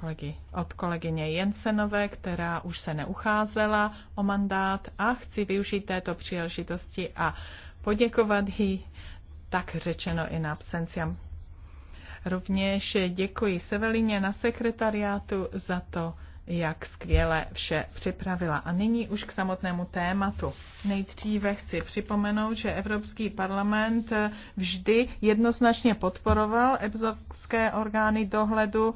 kolegy, od kolegyně Jensenové, která už se neucházela o mandát a chci využít této příležitosti a poděkovat jí, tak řečeno i na absenciam. Rovněž děkuji Sevelině na sekretariátu za to, jak skvěle vše připravila. A nyní už k samotnému tématu. Nejdříve chci připomenout, že Evropský parlament vždy jednoznačně podporoval evropské orgány dohledu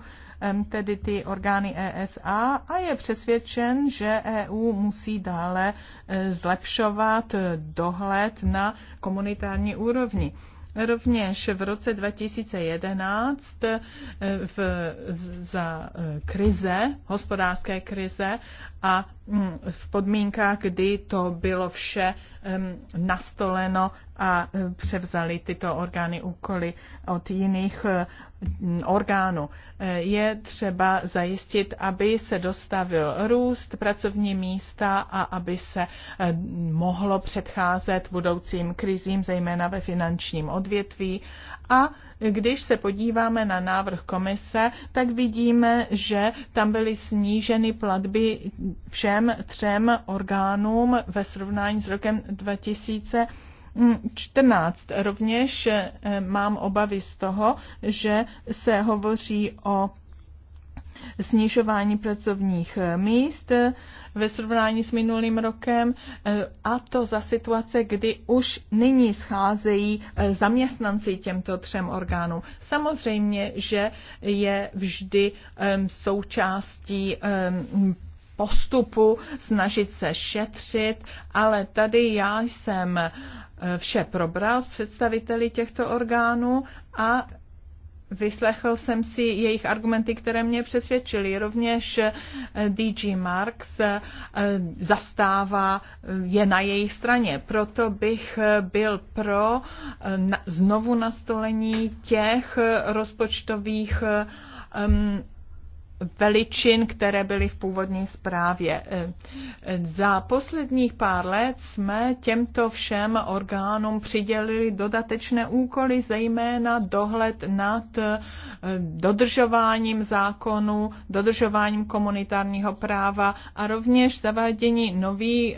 tedy ty orgány ESA a je přesvědčen, že EU musí dále e, zlepšovat e, dohled na komunitární úrovni. Rovněž v roce 2011 e, v, za krize, hospodářské krize a mm, v podmínkách, kdy to bylo vše nastoleno a převzali tyto orgány úkoly od jiných orgánů. E, je třeba zajistit, aby se dostavil růst pracovní místa a aby se mohlo předcházet budoucím krizím, zejména ve finančním odvětví a když se podíváme na návrh komise, tak vidíme, že tam byly sníženy platby všem třem orgánům ve srovnání s rokem 2000. 14. Rovněž eh, mám obavy z toho, že se hovoří o snižování pracovních míst ve srovnání s minulým rokem eh, a to za situace, kdy už nyní scházejí eh, zaměstnanci těmto třem orgánům. Samozřejmě, že je vždy eh, součástí postupu snažit se šetřit, ale tady já jsem vše probral s představiteli těchto orgánů a Vyslechl jsem si jejich argumenty, které mě přesvědčily. Rovněž eh, DG Marx eh, zastává, eh, je na jejich straně. Proto bych byl pro znovu nastolení těch rozpočtových veličin, které byly v původní zprávě. E, e, za posledních pár let jsme těmto všem orgánům přidělili dodatečné úkoly, zejména dohled nad e, dodržováním zákonu, dodržováním komunitárního práva a rovněž zavádění nových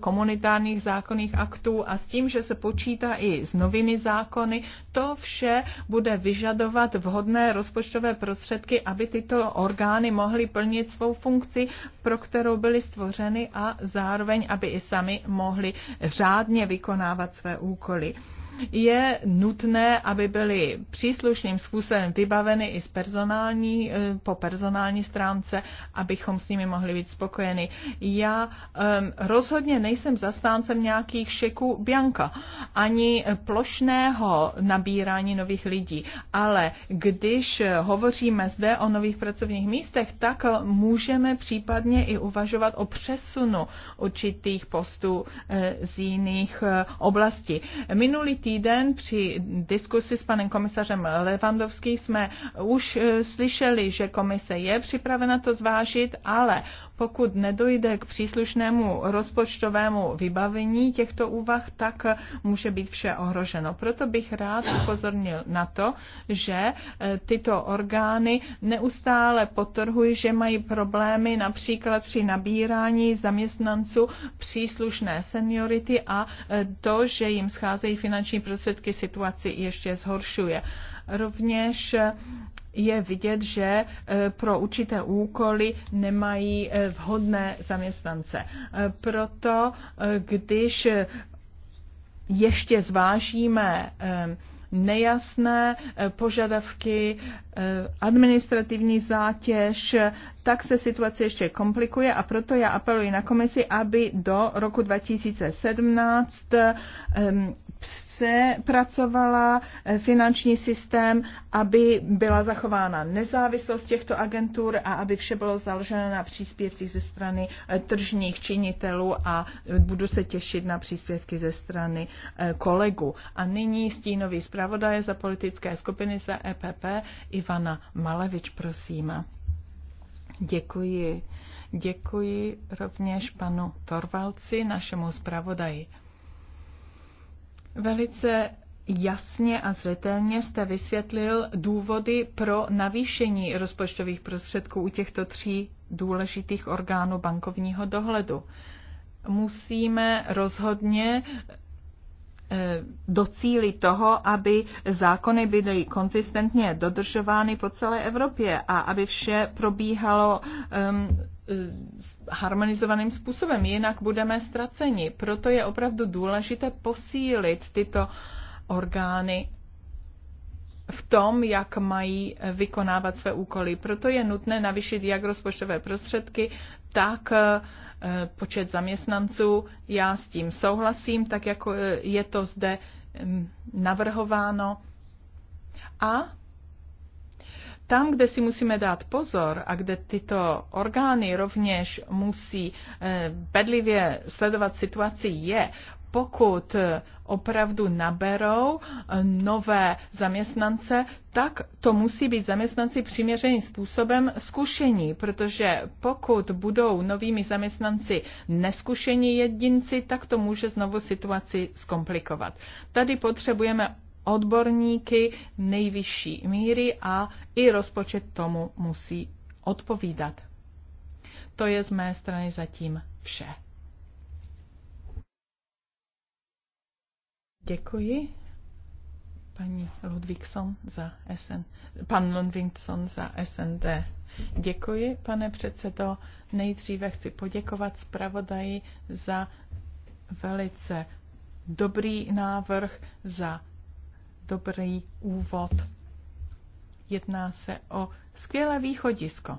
komunitárních zákonných aktů a s tím, že se počítá i s novými zákony, to vše bude vyžadovat vhodné rozpočtové prostředky, aby tyto orgány orgány mohly plnit svou funkci, pro kterou byly stvořeny a zároveň, aby i sami mohli řádně vykonávat své úkoly je nutné, aby byly příslušným způsobem vybaveny i z personální, eh, po personální stránce, abychom s nimi mohli být spokojeni. Já um, rozhodně nejsem zastáncem nějakých šeků Bianka, ani plošného nabírání nových lidí, ale když hovoříme zde o nových pracovních místech, tak můžeme případně i uvažovat o přesunu určitých postů eh, z jiných eh, oblastí. Minulý týden při diskusi s panem komisařem Levandovským jsme už eh, slyšeli, že komise je připravena to zvážit, ale pokud nedojde k příslušnému rozpočtovému vybavení těchto úvah, tak může být vše ohroženo. Proto bych rád upozornil na to, že e, tyto orgány neustále potrhují, že mají problémy například při nabírání zaměstnanců příslušné seniority a e, to, že jim scházejí finanční prostředky, situaci ještě zhoršuje. Rovněž e, je vidět, že e, pro určité úkoly nemají e, vhodné zaměstnance. E, proto, když ještě zvážíme nejasné požadavky, administrativní zátěž, tak se situace ještě komplikuje a proto já apeluji na komisi, aby do roku 2017 se pracovala eh, finanční systém, aby byla zachována nezávislost těchto agentur a aby vše bylo založeno na příspěvcích ze strany eh, tržních činitelů a eh, budu se těšit na příspěvky ze strany kolegu. A nyní stínový zpravodaj za politické skupiny za EPP Ivana Malevič, prosím. Děkuji. Děkuji rovněž panu Torvalci, našemu zpravodaji. Velice jasně a zřetelně jste vysvětlil důvody pro navýšení rozpočtových prostředků u těchto tří důležitých orgánů bankovního dohledu. Musíme rozhodně eh, docílit toho, aby zákony byly konzistentně dodržovány po celé Evropě a aby vše probíhalo um, Eh, harmonizovaným způsobem, jinak budeme ztraceni. Proto je opravdu důležité posílit tyto orgány v tom, jak mají vykonávat své úkoly. Proto je nutné navýšit jak rozpočtové prostředky, tak eh, počet zaměstnanců. Já s tím souhlasím, tak jako eh, je to zde mm, navrhováno. A tam, kde si musíme dát pozor a kde tyto orgány rovněž musí eh, bedlivě sledovat situaci, je, pokud eh, opravdu naberou eh, nové zaměstnance, tak to musí být zaměstnanci přiměřeným způsobem zkušení, protože pokud budou novými zaměstnanci neskušení jedinci, tak to může znovu situaci zkomplikovat. Tady potřebujeme odborníky nejvyšší míry a i rozpočet tomu musí odpovídat. To je z mé strany zatím vše. Děkuji paní Ludvíkson za SN, pan Ludvíkson za SND. Děkuji, pane předsedo. Nejdříve chci poděkovat zpravodaji za velice dobrý návrh, za dobrý úvod. Jedná se o skvělé východisko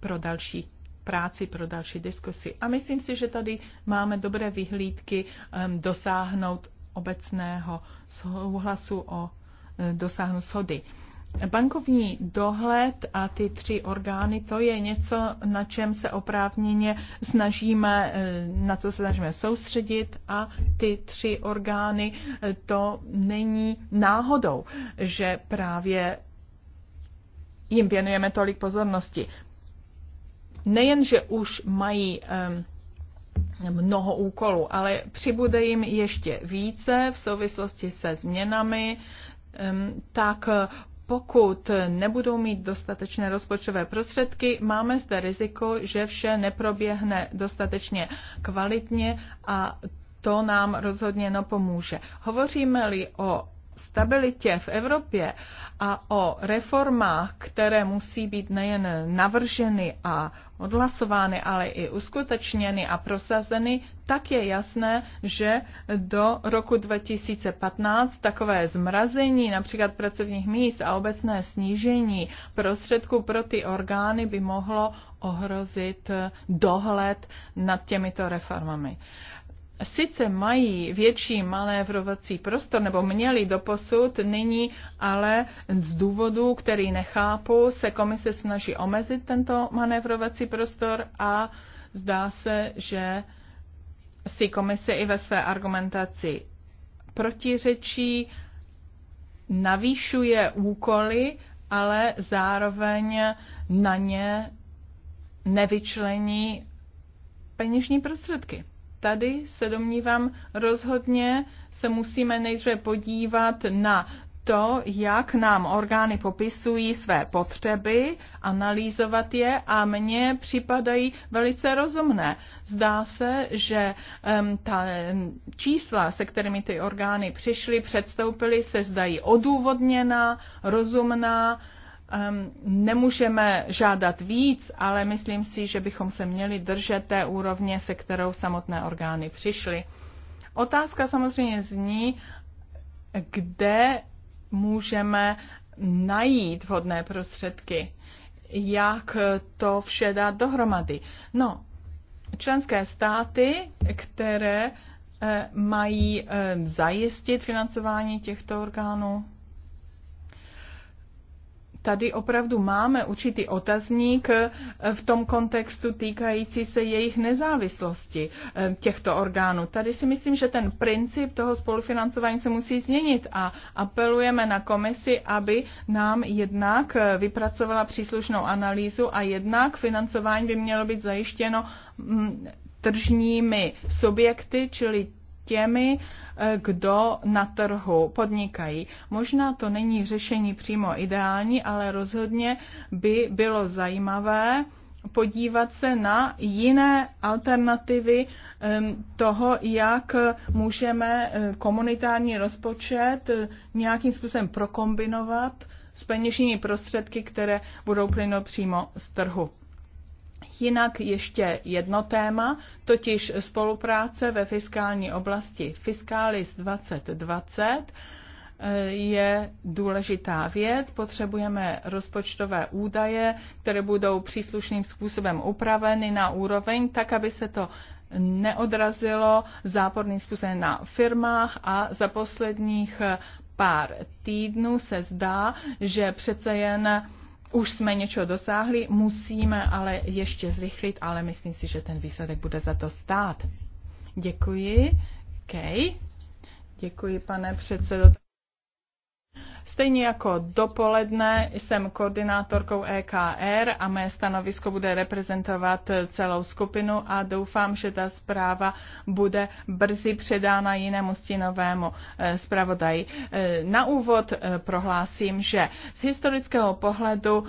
pro další práci, pro další diskusy. A myslím si, že tady máme dobré vyhlídky dosáhnout obecného souhlasu o dosáhnout shody. Bankovní dohled a ty tři orgány, to je něco, na čem se oprávněně snažíme, eh, na co se snažíme soustředit a ty tři orgány, eh, to není náhodou, že právě jim věnujeme tolik pozornosti. Nejen, že už mají ehm, mnoho úkolů, ale přibude jim ještě více v souvislosti se změnami, ehm, tak pokud nebudou mít dostatečné rozpočtové prostředky, máme zde riziko, že vše neproběhne dostatečně kvalitně a to nám rozhodně nepomůže. Hovoříme-li o stabilitě v Evropě a o reformách, které musí být nejen navrženy a odhlasovány, ale i uskutečněny a prosazeny, tak je jasné, že do roku 2015 takové zmrazení například pracovních míst a obecné snížení prostředků pro ty orgány by mohlo ohrozit dohled nad těmito reformami sice mají větší manévrovací prostor, nebo měli doposud, nyní ale z důvodu, který nechápu, se komise snaží omezit tento manévrovací prostor a zdá se, že si komise i ve své argumentaci protiřečí, navýšuje úkoly, ale zároveň na ně nevyčlení peněžní prostředky tady se domnívám, rozhodně se musíme nejdříve podívat na to, jak nám orgány popisují své potřeby, analyzovat je a mně připadají velice rozumné. Zdá se, že um, ta čísla, se kterými ty orgány přišly, předstoupily, se zdají odůvodněná, rozumná, Ehm, nemůžeme žádat víc, ale myslím si, že bychom se měli držet té úrovně, se kterou samotné orgány přišly. Otázka samozřejmě zní, kde můžeme najít vhodné prostředky, jak to vše dát dohromady. No, členské státy, které eh, mají eh, zajistit financování těchto orgánů, tady opravdu máme určitý otazník eh, v tom kontextu týkající se jejich nezávislosti eh, těchto orgánů. Tady si myslím, že ten princip toho spolufinancování se musí změnit a apelujeme na komisi, aby nám jednak eh, vypracovala příslušnou analýzu a jednak financování by mělo být zajištěno mm, tržními subjekty, čili těmi, eh, kdo na trhu podnikají. Možná to není řešení přímo ideální, ale rozhodně by bylo zajímavé podívat se na jiné alternativy toho, jak můžeme eh, komunitární rozpočet eh, nějakým způsobem prokombinovat s peněžními prostředky, které budou plynout přímo z trhu. Jinak ještě jedno téma, totiž spolupráce ve fiskální oblasti. Fiskalis 2020 eh, je důležitá věc. Potřebujeme rozpočtové údaje, které budou příslušným způsobem upraveny na úroveň, tak aby se to neodrazilo záporným způsobem na firmách a za posledních eh, pár týdnů se zdá, že přece jen už jsme něčeho dosáhli, musíme ale ještě zrychlit, ale myslím si, že ten výsledek bude za to stát. Děkuji. Kej. Okay. Děkuji, pane předsedo. Stejně jako dopoledne jsem koordinátorkou EKR a mé stanovisko bude reprezentovat celou skupinu a doufám, že ta zpráva bude brzy předána jinému stínovému eh, zpravodaji. Eh, na úvod eh, prohlásím, že z historického pohledu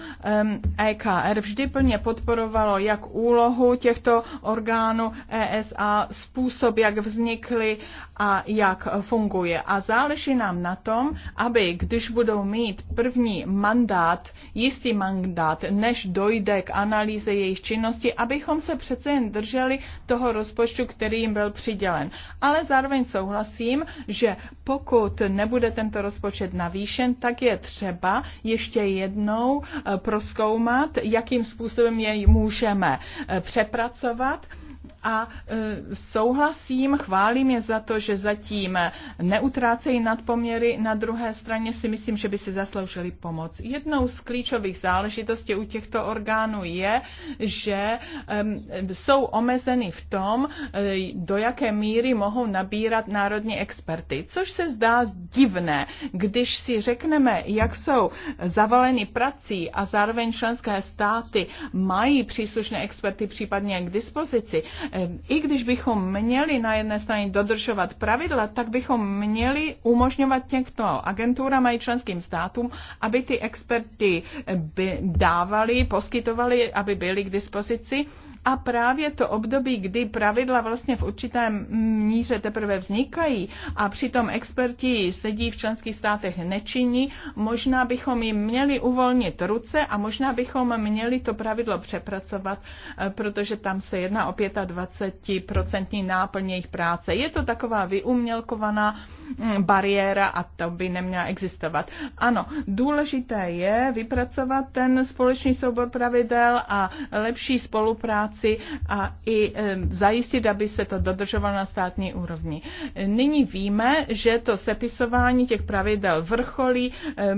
EKR e vždy plně podporovalo jak úlohu těchto orgánů ESA, způsob, jak vznikly a jak funguje. A záleží nám na tom, aby když když budou mít první mandát, jistý mandát, než dojde k analýze jejich činnosti, abychom se přece jen drželi toho rozpočtu, který jim byl přidělen. Ale zároveň souhlasím, že pokud nebude tento rozpočet navýšen, tak je třeba ještě jednou eh, proskoumat, jakým způsobem jej můžeme eh, přepracovat a e, souhlasím, chválím je za to, že zatím neutrácejí nadpoměry, na druhé straně si myslím, že by si zasloužili pomoc. Jednou z klíčových záležitostí u těchto orgánů je, že jsou omezeny v tom, e, do jaké míry mohou nabírat národní experty, což se zdá divné, když si řekneme, jak jsou zavaleny prací a zároveň členské státy mají příslušné experty případně k dispozici, i když bychom měli na jedné straně dodržovat pravidla, tak bychom měli umožňovat těmto agenturám a členským státům, aby ty experty by dávali, poskytovali, aby byli k dispozici a právě to období, kdy pravidla vlastně v určitém míře teprve vznikají a přitom experti sedí v členských státech nečiní, možná bychom jim měli uvolnit ruce a možná bychom měli to pravidlo přepracovat, eh, protože tam se jedná o 25% náplň jejich práce. Je to taková vyumělkovaná mm, bariéra a to by neměla existovat. Ano, důležité je vypracovat ten společný soubor pravidel a lepší spolupráce práci a i zajistit, aby se to dodržovalo na státní úrovni. Nyní víme, že to sepisování těch pravidel vrcholí,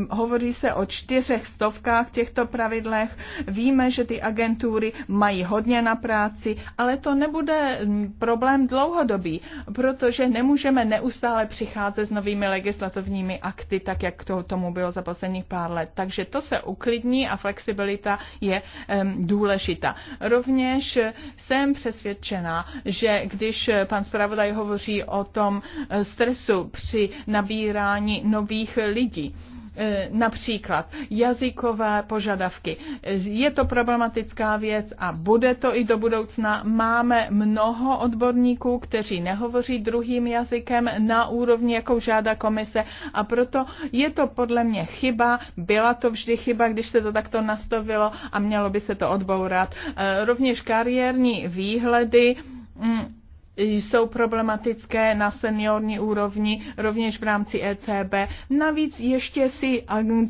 Hovoří se o čtyřech stovkách těchto pravidlech, víme, že ty agentury mají hodně na práci, ale to nebude problém dlouhodobý, protože nemůžeme neustále přicházet s novými legislativními akty, tak jak to tomu bylo za posledních pár let. Takže to se uklidní a flexibilita je um, důležitá. Rovněž Rovněž jsem přesvědčena, že když pan zpravodaj hovoří o tom stresu při nabírání nových lidí, E, například jazykové požadavky. E, je to problematická věc a bude to i do budoucna. Máme mnoho odborníků, kteří nehovoří druhým jazykem na úrovni, jakou žádá komise a proto je to podle mě chyba. Byla to vždy chyba, když se to takto nastavilo a mělo by se to odbourat. E, rovněž kariérní výhledy mm, jsou problematické na seniorní úrovni, rovněž v rámci ECB. Navíc ještě si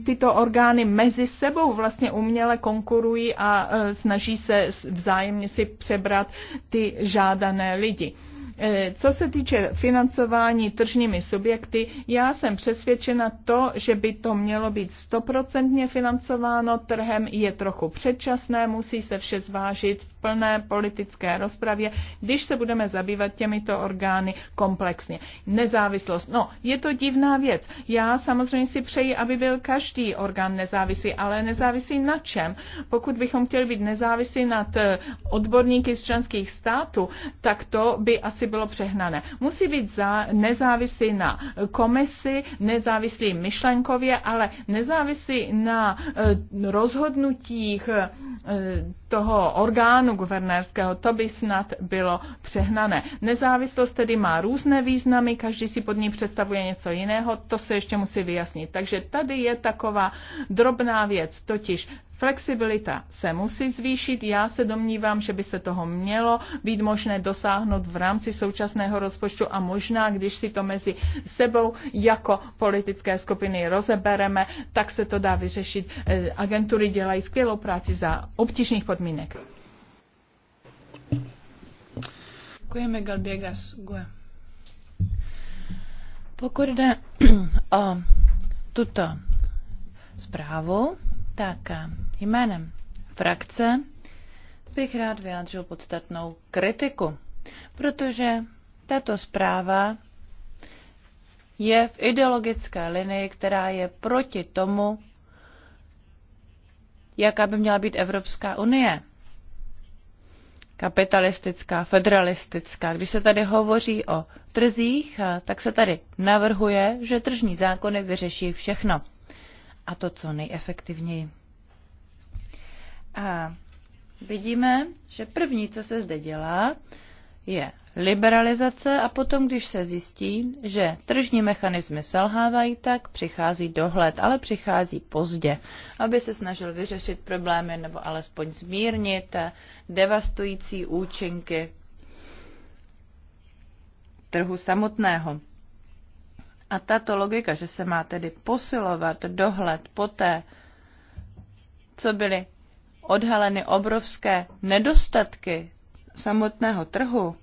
tyto orgány mezi sebou vlastně uměle konkurují a e, snaží se vzájemně si přebrat ty žádané lidi. Eh, co se týče financování tržními subjekty, já jsem přesvědčena to, že by to mělo být stoprocentně financováno trhem, je trochu předčasné, musí se vše zvážit v plné politické rozpravě, když se budeme zabývat těmito orgány komplexně. Nezávislost. No, je to divná věc. Já samozřejmě si přeji, aby byl každý orgán nezávislý, ale nezávislý na čem? Pokud bychom chtěli být nezávislí nad eh, odborníky z členských států, tak to by asi bylo přehnané. Musí být za, nezávislý na komisi, nezávislý myšlenkově, ale nezávislý na eh, rozhodnutích eh, toho orgánu guvernérského, to by snad bylo přehnané. Nezávislost tedy má různé významy, každý si pod ní představuje něco jiného, to se ještě musí vyjasnit. Takže tady je taková drobná věc, totiž Flexibilita se musí zvýšit. Já se domnívám, že by se toho mělo být možné dosáhnout v rámci současného rozpočtu a možná, když si to mezi sebou jako politické skupiny rozebereme, tak se to dá vyřešit. Eh, agentury dělají skvělou práci za obtížných podmínek. Děkujeme, Galbiegas. Pokud jde o tuto zprávu, tak jménem frakce bych rád vyjádřil podstatnou kritiku, protože tato zpráva je v ideologické linii, která je proti tomu, jaká by měla být Evropská unie. Kapitalistická, federalistická. Když se tady hovoří o trzích, tak se tady navrhuje, že tržní zákony vyřeší všechno a to co nejefektivněji. A vidíme, že první, co se zde dělá, je liberalizace a potom, když se zjistí, že tržní mechanismy selhávají, tak přichází dohled, ale přichází pozdě, aby se snažil vyřešit problémy nebo alespoň zmírnit devastující účinky trhu samotného. A tato logika, že se má tedy posilovat dohled poté, co byly odhaleny obrovské nedostatky samotného trhu,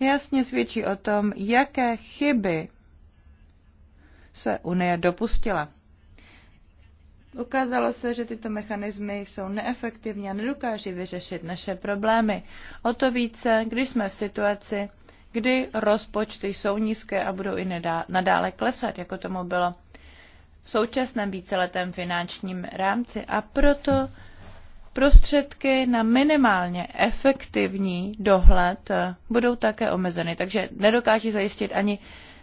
jasně svědčí o tom, jaké chyby se Unie dopustila. Ukázalo se, že tyto mechanismy jsou neefektivní a nedokáží vyřešit naše problémy. O to více, když jsme v situaci, kdy rozpočty jsou nízké a budou i nadále klesat, jako tomu bylo v současném víceletém finančním rámci. A proto prostředky na minimálně efektivní dohled eh, budou také omezeny. Takže nedokáží zajistit ani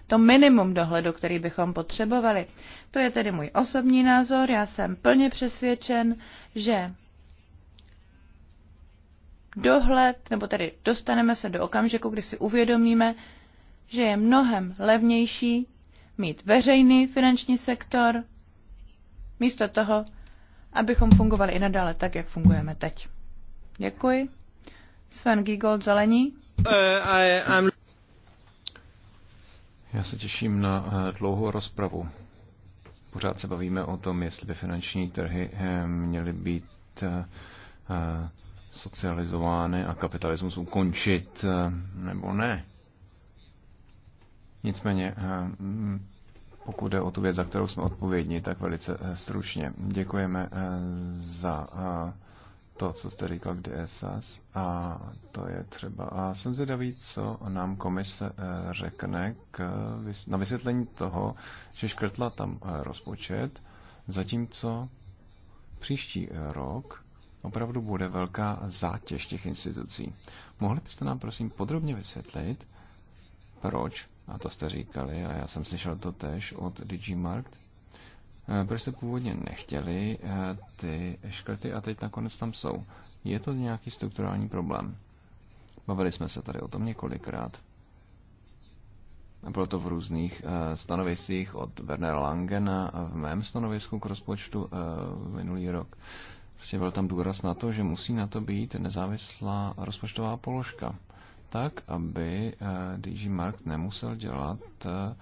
to minimum dohledu, který bychom potřebovali. To je tedy můj osobní názor. Já jsem plně přesvědčen, že dohled, nebo tedy dostaneme se do okamžiku, kdy si uvědomíme, že je mnohem levnější mít veřejný finanční sektor, místo toho, abychom fungovali i nadále tak, jak fungujeme teď. Děkuji. Sven Giegold, Zelení. Uh, Já se těším na eh, dlouhou rozpravu. Pořád se bavíme o tom, jestli by finanční trhy eh, měly být eh, socializovány a kapitalismus ukončit, eh, nebo ne. Nicméně, eh, mm, pokud jde o tu věc, za kterou jsme odpovědní, tak velice eh, stručně děkujeme za to, co jste říkal k DSS a to je třeba. A jsem zvědavý, co nám komise řekne k, na vysvětlení toho, že škrtla tam rozpočet, zatímco příští rok opravdu bude velká zátěž těch institucí. Mohli byste nám prosím podrobně vysvětlit, proč, a to jste říkali, a já jsem slyšel to tež od Digimarkt, eh, proč jste původně nechtěli eh, ty škrty a teď nakonec tam jsou. Je to nějaký strukturální problém. Bavili jsme se tady o tom několikrát. Bylo to v různých eh, stanoviscích od Wernera Langena a v mém stanovisku k rozpočtu minulý rok. Prostě byl tam důraz na to, že musí na to být nezávislá rozpočtová položka. Tak, aby eh, DG Mark nemusel dělat eh,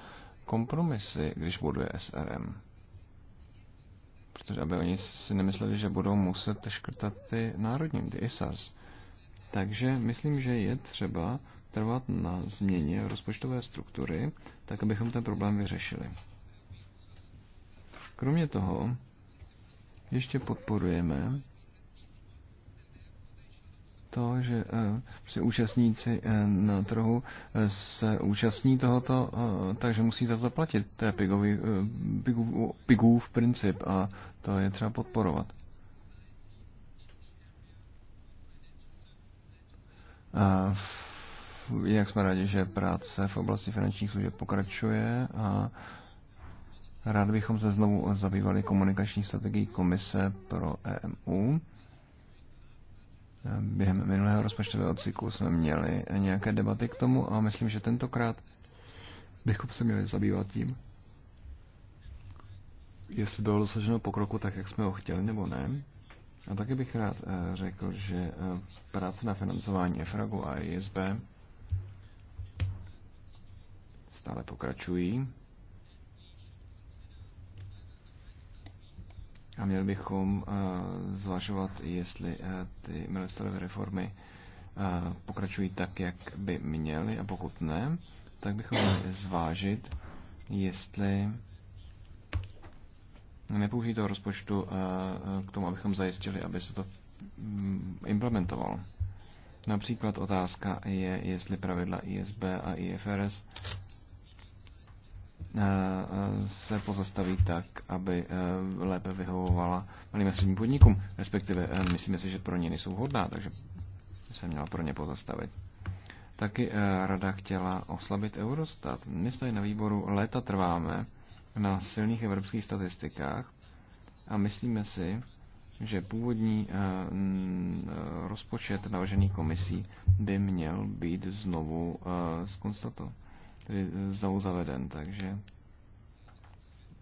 kompromisy, když buduje SRM. Protože aby oni si nemysleli, že budou muset škrtat ty národní, ty ISARs. Takže myslím, že je třeba trvat na změně rozpočtové struktury, tak abychom ten problém vyřešili. Kromě toho ještě podporujeme to, že si eh, účastníci eh, na trhu eh, se účastní tohoto, takže musí za zaplatit. To je pigový, pigův, pigův princip a to je třeba podporovat. A jak jsme rádi, že práce v oblasti finančních služeb pokračuje a Rád bychom se znovu zabývali komunikační strategií komise pro EMU. Během minulého rozpočtového cyklu jsme měli nějaké debaty k tomu a myslím, že tentokrát bychom se měli zabývat tím, jestli bylo dosaženo pokroku tak, jak jsme ho chtěli, nebo ne. A taky bych rád eh, řekl, že eh, práce na financování EFRAGu a ISB stále pokračují. A měli bychom eh, zvažovat, jestli eh, ty ministerové reformy eh, pokračují tak, jak by měly, a pokud ne, tak bychom měli zvážit, jestli nepoužijí toho rozpočtu k tomu, abychom zajistili, aby se to mm, implementovalo. Například otázka je, jestli pravidla ISB a IFRS Eh, eh, se pozastaví tak, aby eh, lépe vyhovovala malým a středním podnikům, respektive myslíme si, že pro ně nejsou vhodná, takže se měla pro ně pozastavit. Taky rada chtěla oslabit Eurostat. My tady na výboru léta trváme na silných evropských statistikách a myslíme si, že původní rozpočet navržený komisí by měl být znovu skonstatován tedy eh, znovu zaveden, takže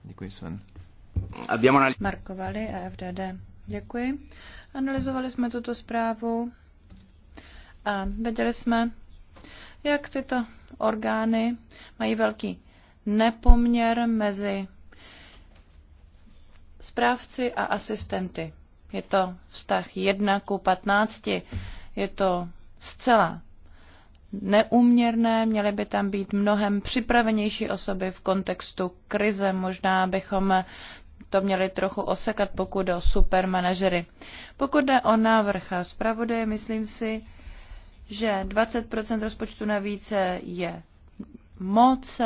děkuji Sven. Markovali a FDD. Děkuji. Analyzovali jsme tuto zprávu a věděli jsme, jak tyto orgány mají velký nepoměr mezi správci a asistenty. Je to vztah 1 ku 15. Je to zcela neuměrné, měly by tam být mnohem připravenější osoby v kontextu krize. Možná bychom to měli trochu osekat, pokud o supermanažery. Pokud jde o návrh a zpravodaje, myslím si, že 20% rozpočtu navíc je moc,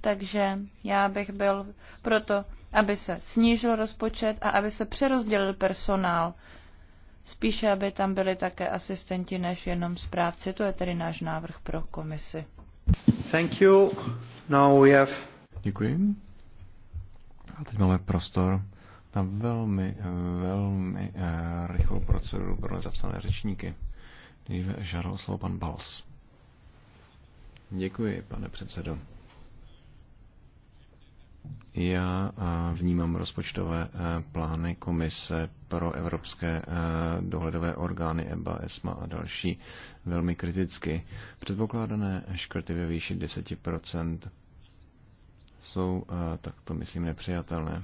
takže já bych byl proto, aby se snížil rozpočet a aby se přerozdělil personál spíše aby tam byli také asistenti než jenom správci. To je tedy náš návrh pro komisi. Thank you. Now we have... Děkuji. A teď máme prostor na velmi, velmi uh, rychlou proceduru pro nezapsané řečníky. Nejdříve žádal slovo pan Bals. Děkuji, pane předsedo. Já eh, vnímám rozpočtové eh, plány Komise pro evropské eh, dohledové orgány EBA, ESMA a další velmi kriticky. Předpokládané škrty ve výši 10% jsou takto, myslím, nepřijatelné.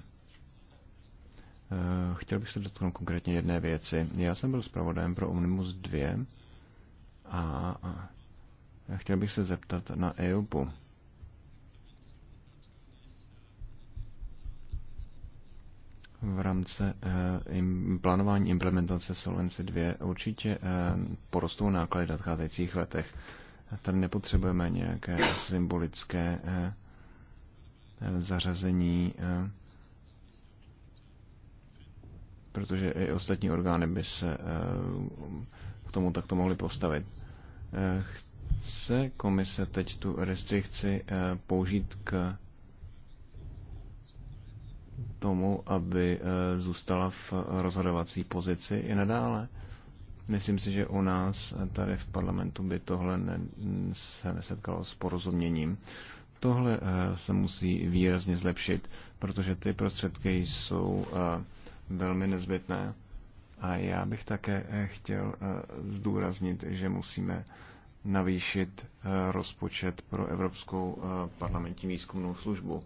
Chtěl bych se dotknout konkrétně jedné věci. Já jsem byl zpravodajem pro Omnibus 2 a chtěl bych se zeptat na EUPu. v rámci eh, plánování implementace Solvency 2 určitě eh, porostou náklady v nadcházejících letech. Tady nepotřebujeme nějaké symbolické eh, zařazení, protože i ostatní orgány by se k tomu takto mohly postavit. Chce komise teď tu restrikci použít k tomu, aby eh, zůstala v rozhodovací pozici i nadále. Myslím si, že u nás eh, tady v parlamentu by tohle ne, se nesetkalo s porozuměním. Tohle eh, se musí výrazně zlepšit, protože ty prostředky jsou velmi nezbytné. A já bych také chtěl zdůraznit, že musíme navýšit rozpočet pro Evropskou parlamentní výzkumnou službu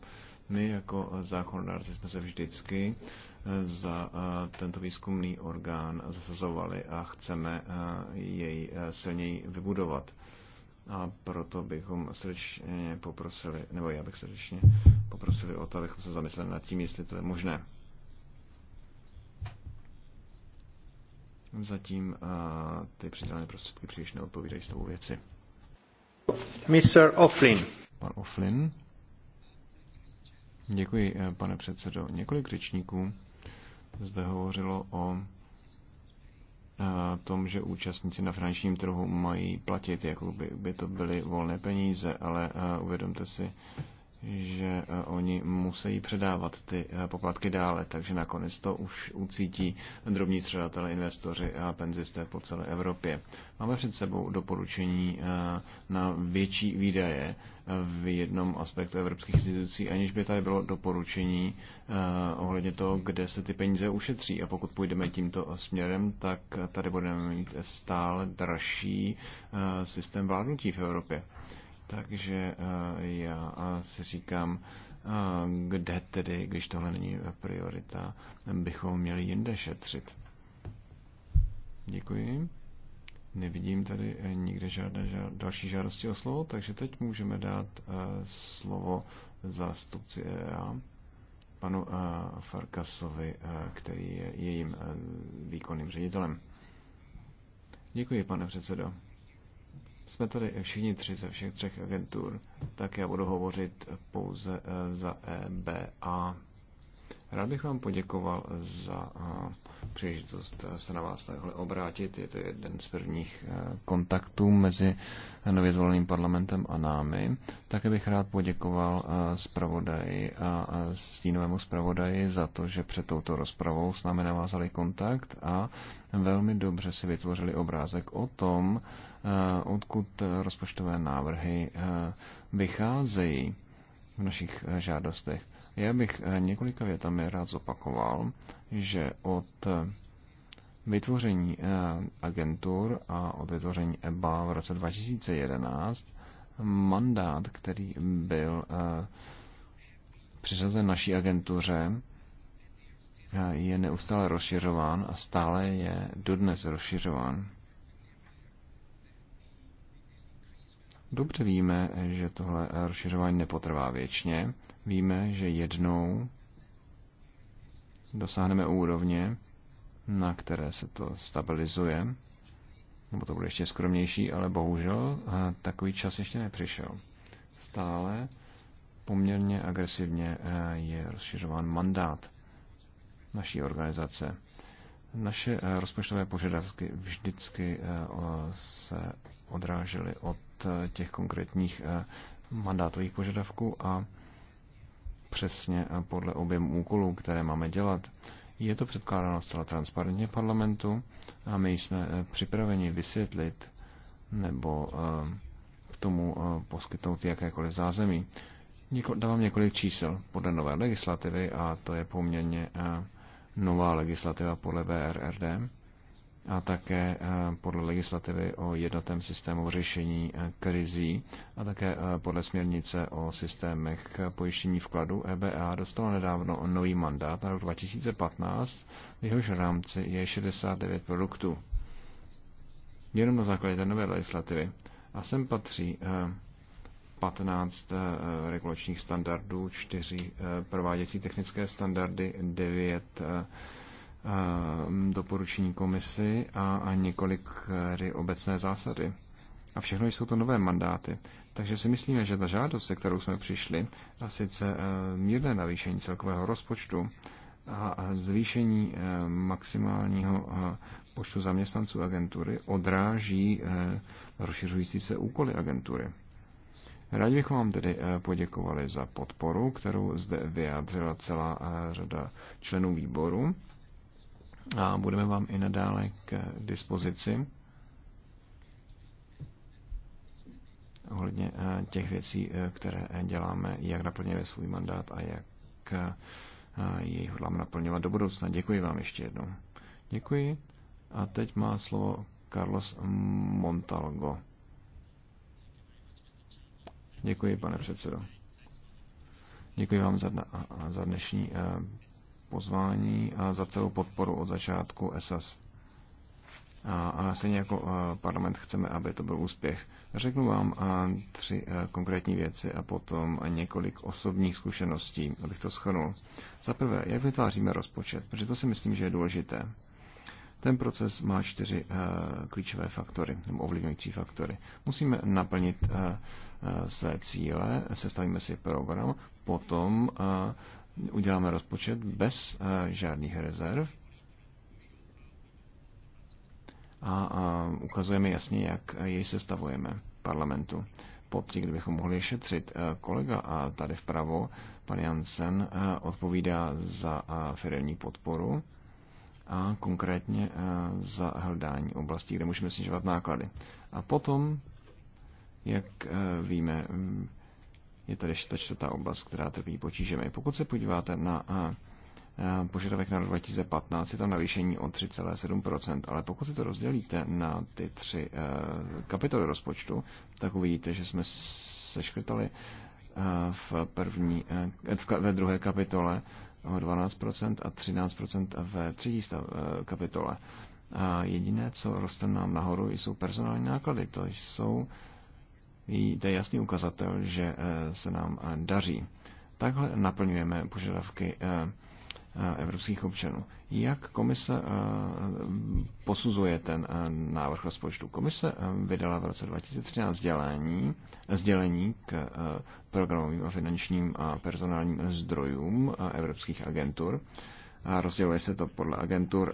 my jako zákonodárci jsme se vždycky eh, za eh, tento výzkumný orgán zasazovali a chceme eh, jej silněji vybudovat. A proto bychom srdečně poprosili, nebo já bych srdečně poprosili o to, abychom se zamysleli nad tím, jestli to je možné. Zatím a ty přidělené prostředky příliš neodpovídají stavu věci. Mr. Oflin. Pan Oflin. Děkuji, eh, pane předsedo. Několik řečníků zde hovořilo o eh, tom, že účastníci na finančním trhu mají platit, jako by, by to byly volné peníze, ale eh, uvědomte si, že eh, oni musí předávat ty eh, poplatky dále, takže nakonec to už ucítí drobní středatelé, investoři a penzisté po celé Evropě. Máme před sebou doporučení eh, na větší výdaje v jednom aspektu evropských institucí, aniž by tady bylo doporučení ohledně toho, kde se ty peníze ušetří. A pokud půjdeme tímto směrem, tak tady budeme mít stále dražší systém vládnutí v Evropě. Takže eh, já eh, si říkám, eh, kde tedy, když tohle není priorita, bychom měli jinde šetřit. Děkuji. Nevidím tady nikde žádné žád, další žádosti o slovo, takže teď můžeme dát slovo zástupci EA, panu Farkasovi, který je jejím výkonným ředitelem. Děkuji, pane předsedo. Jsme tady všichni tři ze všech třech agentur, tak já budu hovořit pouze eh, za EBA. Rád bych vám poděkoval za eh, příležitost eh, se na vás takhle obrátit. Je to jeden z prvních kontaktů mezi nově zvoleným parlamentem a námi. Také bych rád poděkoval zpravodaji a stínovému zpravodaji za to, že před touto rozpravou s námi navázali kontakt a velmi dobře si vytvořili obrázek o tom, Eh, odkud rozpočtové návrhy eh, vycházejí v našich eh, žádostech. Já bych několika větami rád zopakoval, že od vytvoření agentur a od vytvoření EBA v roce 2011 mandát, který byl přiřazen naší agentuře, je neustále rozšiřován a stále je dodnes rozšiřován. Dobře víme, že tohle rozšiřování nepotrvá věčně. Víme, že jednou dosáhneme úrovně, na které se to stabilizuje, nebo to bude ještě skromnější, ale bohužel takový čas ještě nepřišel. Stále poměrně agresivně e, je rozšiřován mandát naší organizace. Naše e, rozpočtové požadavky vždycky e, se odrážely od eh, těch konkrétních eh, mandátových požadavků a přesně eh, podle objemu úkolů, které máme dělat. Je to předkládáno zcela transparentně parlamentu a my jsme připraveni vysvětlit nebo k tomu poskytnout jakékoliv zázemí. Dávám několik čísel podle nové legislativy a to je poměrně nová legislativa podle BRRD a také eh, podle legislativy o jednotném systému řešení eh, krizí a také eh, podle směrnice o systémech pojištění vkladu EBA dostala nedávno nový mandát na rok 2015, v jehož rámci je 69 produktů. Jenom na základě té nové legislativy. A sem patří 15 regulačních standardů, 4 prováděcí technické standardy, 9 Eh, doporučení komisy a, a několik eh, obecné zásady. A všechno jsou to nové mandáty. Takže si myslíme, že ta žádost, se kterou jsme přišli, a sice eh, mírné navýšení celkového rozpočtu a zvýšení maximálního počtu zaměstnanců agentury, odráží rozšiřující se úkoly agentury. Rádi bych vám tedy poděkovali za podporu, kterou zde vyjádřila celá řada členů výboru a budeme vám i nadále k dispozici ohledně eh, těch věcí, eh, které děláme, jak naplňuje svůj mandát a jak eh, jej hodlám naplňovat do budoucna. Děkuji vám ještě jednou. Děkuji. A teď má slovo Carlos Montalgo. Děkuji, pane předsedo. Děkuji vám za dnešní pozvání a za celou podporu od začátku SAS. A, a stejně jako parlament chceme, aby to byl úspěch. Řeknu vám tři konkrétní věci a potom a několik osobních zkušeností, abych to schrnul. Za prvé, jak vytváříme rozpočet, protože to si myslím, že je důležité. Ten proces má čtyři klíčové faktory, nebo ovlivňující faktory. Musíme naplnit své cíle, sestavíme si program, potom uděláme rozpočet bez eh, žádných rezerv a ukazujeme jasně, jak jej sestavujeme parlamentu. Potří, kdybychom mohli šetřit. Eh, kolega a tady vpravo, pan Jansen, eh, odpovídá za firmní podporu a konkrétně za hledání oblastí, kde můžeme snižovat náklady. A potom, jak víme, je tady ta oblast, která trpí potížemi. Pokud se podíváte na požadavek na 2015 je tam navýšení o 3,7%, ale pokud si to rozdělíte na ty tři e, kapitoly rozpočtu, tak uvidíte, že jsme seškrtali e, v první, e, v, ve druhé kapitole o 12% a 13% ve třetí kapitole. A jediné, co roste nám nahoru, jsou personální náklady. To jsou to je jasný ukazatel, že eh, se nám eh, daří. Takhle naplňujeme požadavky eh, evropských občanů. Jak komise posuzuje ten návrh rozpočtu? Komise vydala v roce 2013 dělení, sdělení k programovým a finančním a personálním zdrojům evropských agentur. Rozděluje se to podle agentur,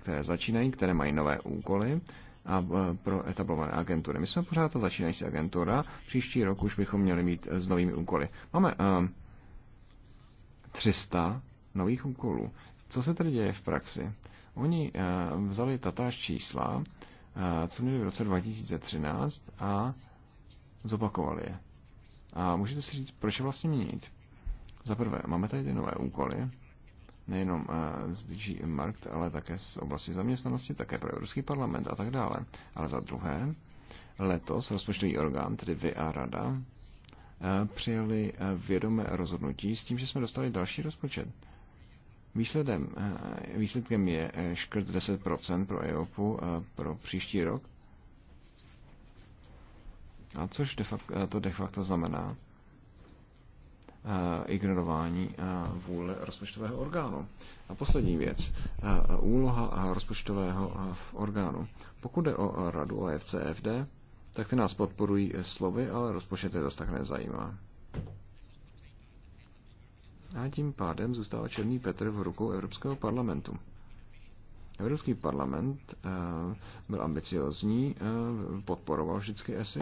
které začínají, které mají nové úkoly a e, pro etablované agentury. My jsme pořád ta začínající agentura, příští rok už bychom měli mít e, s novými úkoly. Máme 300 e, nových úkolů. Co se tedy děje v praxi? Oni vzali tatáž čísla, co měli v roce 2013 a zopakovali je. A můžete si říct, proč je vlastně měnit? Za prvé, máme tady ty nové úkoly, nejenom eh, z DG Markt, ale také z oblasti zaměstnanosti, také pro Evropský parlament a tak dále. Ale za druhé, letos rozpočtový orgán, tedy vy a rada, eh, přijali eh, vědomé rozhodnutí s tím, že jsme dostali další rozpočet. Výsledem, výsledkem je škrt 10% pro EOPu pro příští rok. A což de facto, to de facto znamená, Eh, ignorování eh, vůle rozpočtového orgánu. A poslední věc, eh, úloha rozpočtového orgánu. Pokud jde o radu a FCFD, tak ty nás podporují slovy, ale rozpočet je zase tak nezajímá. A tím pádem zůstává Černý Petr v rukou Evropského parlamentu. Evropský parlament byl ambiciozní, podporoval vždycky ESI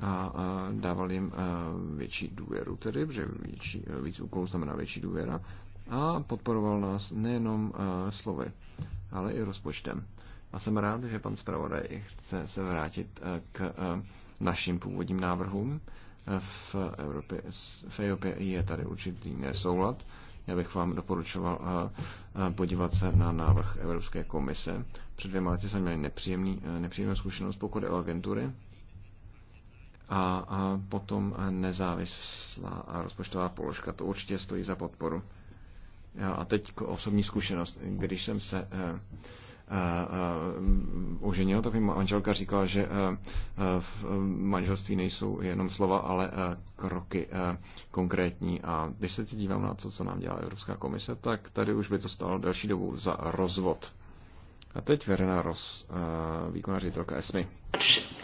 a dával jim větší důvěru, tedy, že větší, víc úkolů znamená větší důvěra, a podporoval nás nejenom slovy, ale i rozpočtem. A jsem rád, že pan zpravodaj chce se vrátit k našim původním návrhům. V Evropě, v Evropě je tady určitý nesoulad. Já bych vám doporučoval podívat se na návrh Evropské komise. Před dvěma lety jsme měli nepříjemný, nepříjemnou zkušenost, pokud je o agentury, a, a potom nezávislá a rozpočtová položka. To určitě stojí za podporu. A teď osobní zkušenost. Když jsem se uženil, eh, eh, eh, tak mi manželka říkala, že v manželství nejsou jenom slova, ale kroky konkrétní. A když se teď dívám na to, co nám dělá Evropská komise, tak tady už by to stalo další dobu za rozvod. A teď Verena Ross, eh, výkonná ředitelka ESMI.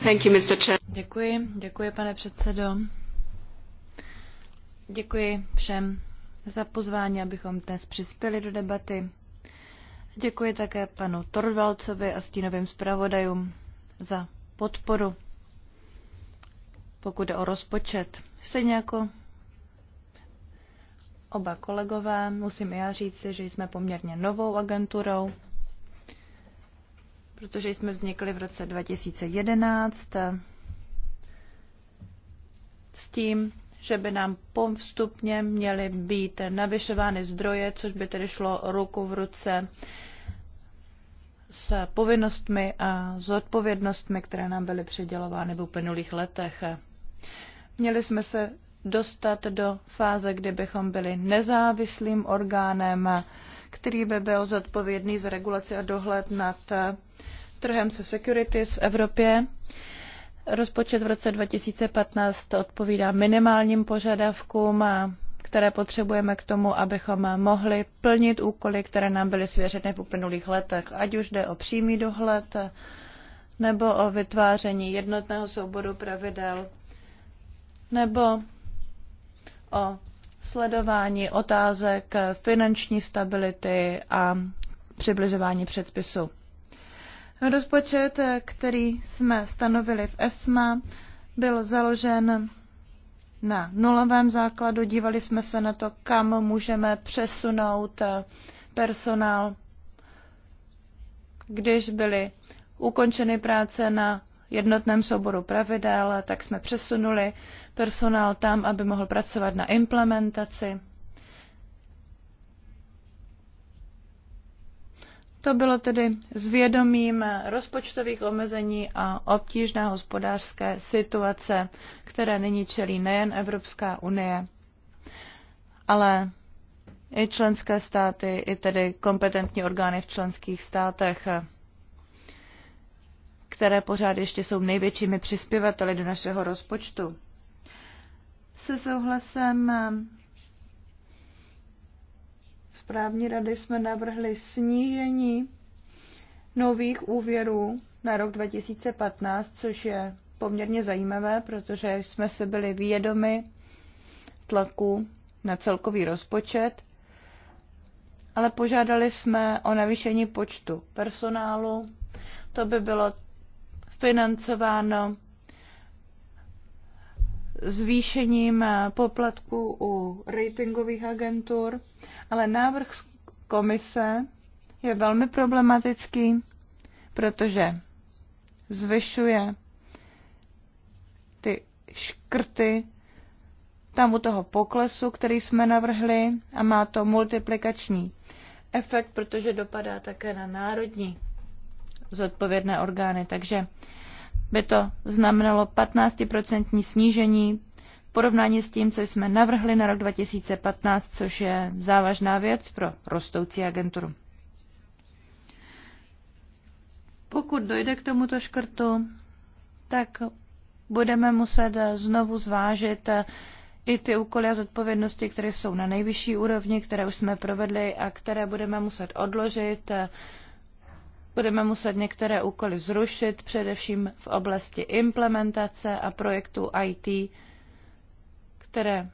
Thank you, Mr. Chair. Děkuji, děkuji pane předsedo. Děkuji všem za pozvání, abychom dnes přispěli do debaty. Děkuji také panu Torvalcovi a stínovým zpravodajům za podporu, pokud jde o rozpočet. Stejně jako oba kolegové, musím i já říci, že jsme poměrně novou agenturou, protože jsme vznikli v roce 2011 eh, s tím, že by nám postupně měly být navyšovány zdroje, což by tedy šlo ruku v ruce s povinnostmi a zodpovědnostmi, které nám byly přidělovány v uplynulých letech. Měli jsme se dostat do fáze, kdy bychom byli nezávislým orgánem, který by byl zodpovědný za regulaci a dohled nad trhem se securities v Evropě. Rozpočet v roce 2015 odpovídá minimálním požadavkům, které potřebujeme k tomu, abychom mohli plnit úkoly, které nám byly svěřeny v uplynulých letech, ať už jde o přímý dohled nebo o vytváření jednotného souboru pravidel nebo o sledování otázek finanční stability a přibližování předpisu. Rozpočet, který jsme stanovili v ESMA, byl založen na nulovém základu. Dívali jsme se na to, kam můžeme přesunout personál, když byly ukončeny práce na jednotném souboru pravidel, tak jsme přesunuli personál tam, aby mohl pracovat na implementaci. To bylo tedy s vědomím rozpočtových omezení a obtížné hospodářské situace, které nyní čelí nejen Evropská unie, ale i členské státy, i tedy kompetentní orgány v členských státech, které pořád ještě jsou největšími přispěvateli do našeho rozpočtu. Se souhlasem správní rady jsme navrhli snížení nových úvěrů na rok 2015, což je poměrně zajímavé, protože jsme se byli vědomi tlaku na celkový rozpočet, ale požádali jsme o navýšení počtu personálu. To by bylo financováno zvýšením eh, poplatku u ratingových agentur, ale návrh komise je velmi problematický, protože zvyšuje ty škrty tam u toho poklesu, který jsme navrhli a má to multiplikační efekt, protože dopadá také na národní zodpovědné orgány. Takže by to znamenalo 15% snížení v porovnání s tím, co jsme navrhli na rok 2015, což je závažná věc pro rostoucí agenturu. Pokud dojde k tomuto škrtu, tak budeme muset znovu zvážit i ty úkoly a zodpovědnosti, které jsou na nejvyšší úrovni, které už jsme provedli a které budeme muset odložit Budeme muset některé úkoly zrušit, především v oblasti implementace a projektů IT, které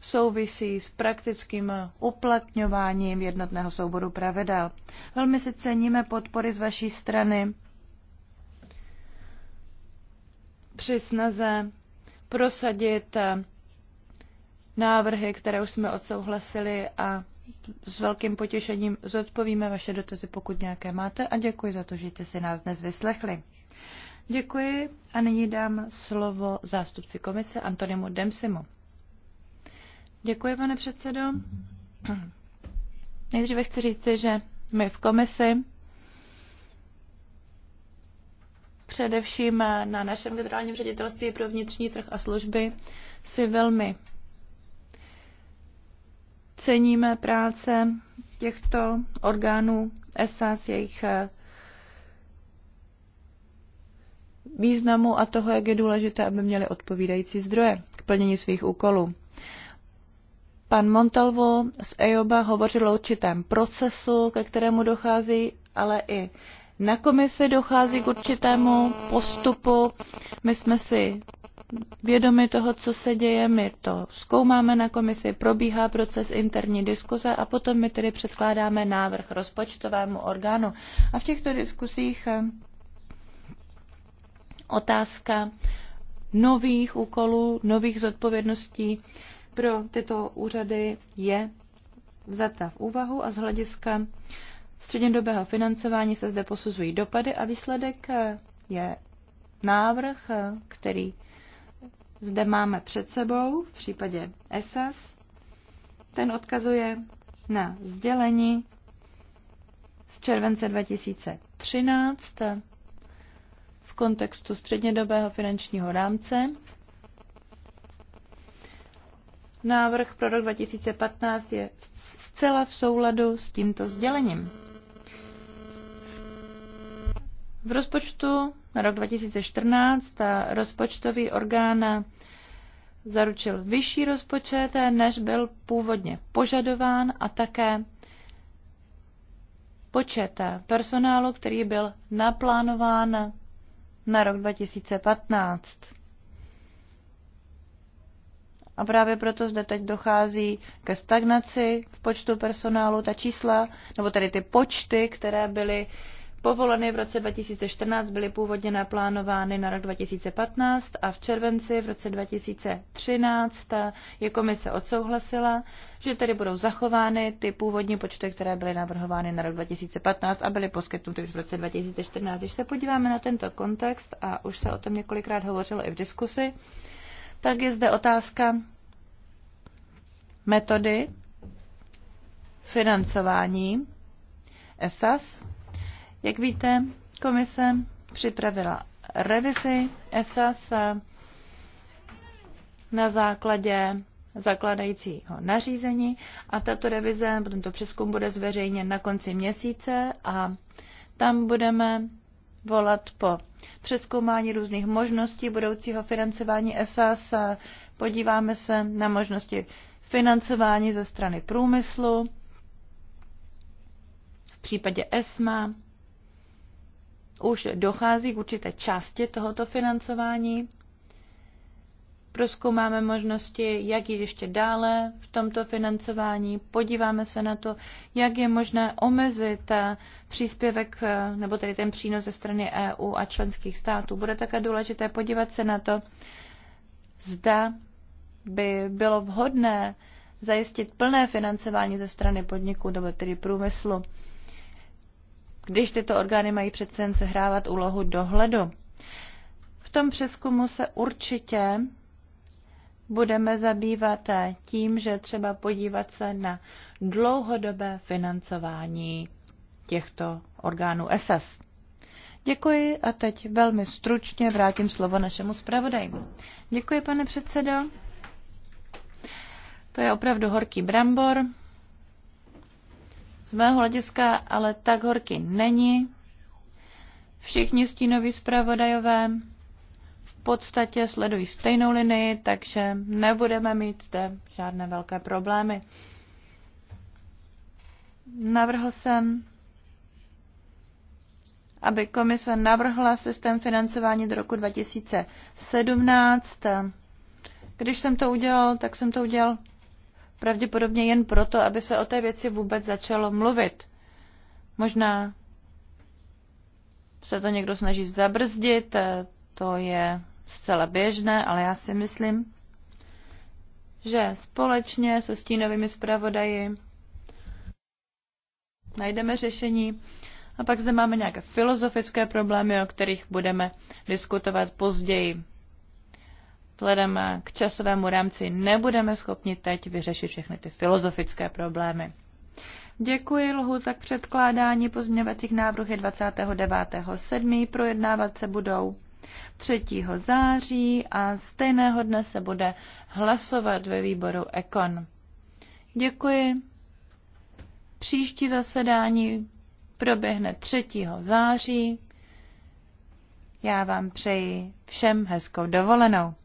souvisí s praktickým uplatňováním jednotného souboru pravidel. Velmi si ceníme podpory z vaší strany při snaze prosadit návrhy, které už jsme odsouhlasili a s velkým potěšením zodpovíme vaše dotazy, pokud nějaké máte a děkuji za to, že jste si nás dnes vyslechli. Děkuji a nyní dám slovo zástupci komise Antonimu Demsimu. Děkuji, pane předsedo. Nejdříve chci říct, že my v komisi především na našem generálním ředitelství pro vnitřní trh a služby si velmi ceníme práce těchto orgánů s jejich eh, významu a toho, jak je důležité, aby měli odpovídající zdroje k plnění svých úkolů. Pan Montalvo z EOBA hovořil o určitém procesu, ke kterému dochází, ale i na komisi dochází k určitému postupu. My jsme si vědomi toho, co se děje. My to zkoumáme na komisi, probíhá proces interní diskuze a potom my tedy předkládáme návrh rozpočtovému orgánu. A v těchto diskusích eh, otázka nových úkolů, nových zodpovědností pro tyto úřady je vzata v úvahu a z hlediska střednědobého financování se zde posuzují dopady a výsledek eh, je návrh, eh, který zde máme před sebou v případě ESAS. Ten odkazuje na sdělení z července 2013 v kontextu střednědobého finančního rámce. Návrh pro rok 2015 je zcela v souladu s tímto sdělením. V rozpočtu na rok 2014 rozpočtový orgán zaručil vyšší rozpočet, než byl původně požadován a také počet personálu, který byl naplánován na rok 2015. A právě proto zde teď dochází ke stagnaci v počtu personálu. Ta čísla, nebo tedy ty počty, které byly uh, povoleny v roce 2014, byly původně naplánovány na rok 2015 a v červenci v roce 2013 je komise odsouhlasila, že tedy budou zachovány ty původní počty, které byly navrhovány na rok 2015 a byly poskytnuty už v roce 2014. Když se podíváme na tento kontext, a už se o tom několikrát hovořilo i v diskusi, tak je zde otázka metody financování ESAS jak víte, komise připravila revizi ESAS na základě zakládajícího nařízení a tato revize, tento přeskum bude zveřejněn na konci měsíce a tam budeme volat po přeskoumání různých možností budoucího financování SAS. Podíváme se na možnosti financování ze strany průmyslu v případě ESMA už dochází k určité části tohoto financování. Proskoumáme možnosti, jak jít ještě dále v tomto financování. Podíváme se na to, jak je možné omezit eh, příspěvek eh, nebo tedy ten přínos ze strany EU a členských států. Bude také důležité podívat se na to, zda by bylo vhodné zajistit plné financování ze strany podniků nebo tedy průmyslu když tyto orgány mají přece jen sehrávat úlohu dohledu. V tom přeskumu se určitě budeme zabývat tím, že třeba podívat se na dlouhodobé financování těchto orgánů SS. Děkuji a teď velmi stručně vrátím slovo našemu zpravodaji. Děkuji, pane předsedo. To je opravdu horký brambor z mého hlediska ale tak horký není. Všichni stínoví zpravodajové v podstatě sledují stejnou linii, takže nebudeme mít zde žádné velké problémy. Navrhl jsem, aby komise navrhla systém financování do roku 2017. Když jsem to udělal, tak jsem to udělal pravděpodobně jen proto, aby se o té věci vůbec začalo mluvit. Možná se to někdo snaží zabrzdit, eh, to je zcela běžné, ale já si myslím, že společně se stínovými zpravodaji najdeme řešení. A pak zde máme nějaké filozofické problémy, o kterých budeme diskutovat později vzhledem eh, k časovému rámci nebudeme schopni teď vyřešit všechny ty filozofické problémy. Děkuji, Lhu tak předkládání pozměňovacích návrhů je 29.7. Projednávat se budou 3. září a stejného dne se bude hlasovat ve výboru Ekon. Děkuji. Příští zasedání proběhne 3. září. Já vám přeji všem hezkou dovolenou.